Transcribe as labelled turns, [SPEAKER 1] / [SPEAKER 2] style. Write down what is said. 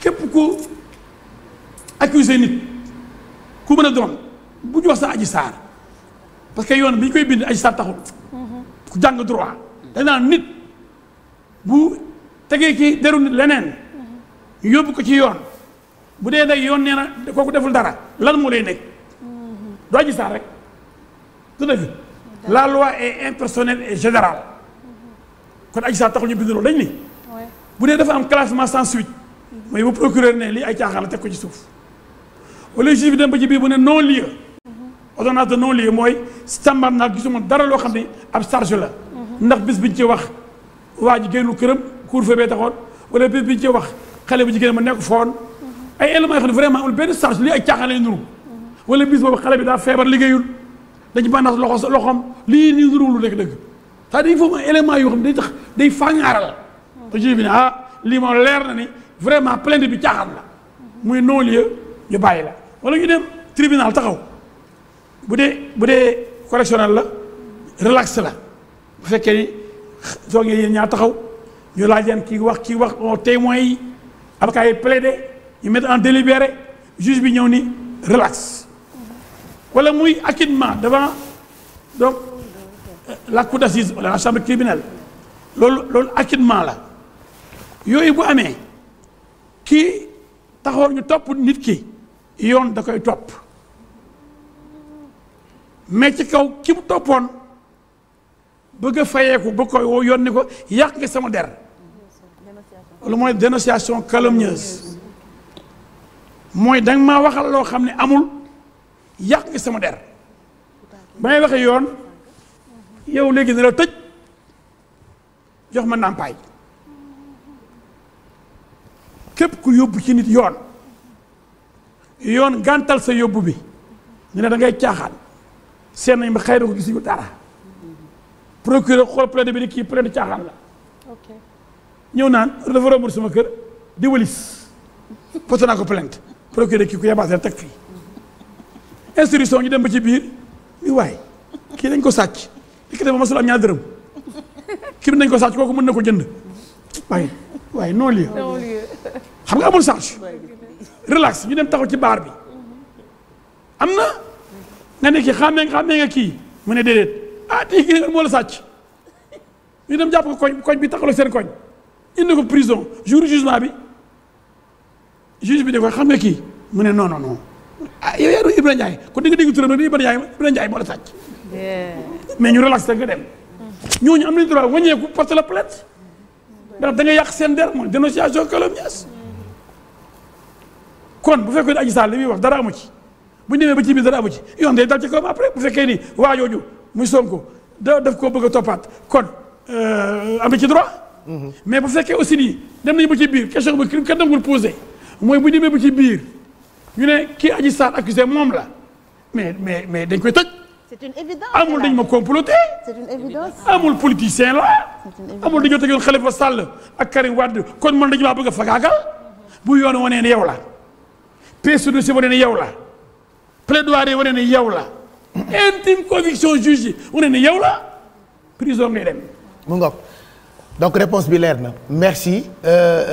[SPEAKER 1] képp ku accusé nit ku mën doon bu ñu wax sa aji saar parce que yoon bi ñu koy bind aji saar taxul mhm. ku jàng droit dañ naan nit bu tegee ci deru leneen mhm. ñu yóbbu ko ci yoon bu dee nag yoon nee na kooku deful dara lan moo lay nekk mhm. du aji saar rek du dëgg la loi est impersonnelle et général kon aji saar taxul ñu bind loolu dañ ni bu dee dafa am classement sans suite mooy bu procureur ne lii ay caaxaan la teg ko ci suuf wala juge bi dem ba ci biir bu ne non lieu ordonnance de non lieu mooy standard naa gisuma dara loo xam ne ab charge la ndax bis biñ ci wax waa ji génnul këram couvre-feu bee taxoon wala bis biñ ci wax xale bi jigéen ma nekk foon ay éléments yoo xam ne vraiment amul benn charge lii ay caaxaan lay nuru wala bis boobu xale bi daa feebar liggéeyul dañu bandaas loxo loxoom lii nii nuru lu nekk dëgg cest à day tax day fàngaaral te juge bi ne ah leer na ni vraiment plainte bi caaxaan la muy non lieu ñu bàyyi la wala ñu dem tribunal taxaw bu dee bu dee correctionnel la relax la bu fekkee ni soo ngeen yéen ñaa taxaw ñu laaj kii wax kii wax on oh, témoins yi avocats yi plaidé ñu mettre en délibéré juge bi ñëw ni relax wala muy acquittement devant donc la cour d'assises wala la chambre criminelle loolu loolu la yooyu bu amee kii taxoon ñu topp nit ki yoon da koy topp mais ci kaw ki mu toppoon bëgg a fayeeku ba koy woo yoon ni ko yàq nga sama der lu mooy dénonciation calomnieuse mooy danga maa waxal loo xam ne amul yàq nga sama der ba may waxee yoon yow léegi ne tëj jox ma nàmpaay képp ku yóbbu ci nit yoon yoon gàntal sa yóbbu bi ñu ne da ngay caaxaan seen nañ ba xëy na ko gisuñu dara procureur xool plainte bi ni kii plainte caaxaan la ñëw naan dafa rombul sama kër di walis porté ko plainte procureur kii ku yabaasee teg fii instruction ñu dem ba ci biir i waay kii dañ ko sàcc li ki dama masul am ñaar dërëm kii bi nañ ko sàcc kooku mën na ko jënd waaye waaye non lieu xam nga amul change relax ñu dem taxaw ci baar bi am na nga ne kii xàmmee nga xàmmee nga kii mu ne déedéet ah tii kii moo la sàcc ñu dem jàpp ko koñ koñ bi taxaloo seen koñ indi ko prison jour jugement bi juge bi ne ko xam nga kii mu ne non non a ah yow yaa doon Ibrahima Ndiaye kon di nga dégg turam rek ni Ibrahima Ndiaye moo la sàcc ñu relax te nga dem mm-hmm. ñooñu am nañu droit wàññeeku porte la plainte ndax dañoo yàq seen der mooy dénonciation calomnieuse kon bu fekkee ne Adji Sarr li muy wax dara amu ci bu ñu demee ba ci biir dara amu ci yoon day dal ci kawam après bu fekkee ni waa jooju muy Sonko da def ko bëgg a toppaat kon euh, am na ci droit. Mhm. mais bu fekkee aussi nii dem nañu ba ci biir question bi kenn dangul posé mooy bu ñu demee ba ci biir ñu ne kii Adji Sarr accusé moom la mais mais koy tëj. c'est une évidence amul dañ ma comploté. c'est une évidence amul politicien la. amul dañoo tegoon Khalifa Sall ak Karim Wade kon man dañu maa bëgg a fagaagal bu yoon wanee ne yow la pièce de wane ne yow la plaidoirie wane ne yow la intime conviction juge yow la prison ngay dem. mu ngoog donc réponse bi leer na merci. Euh, euh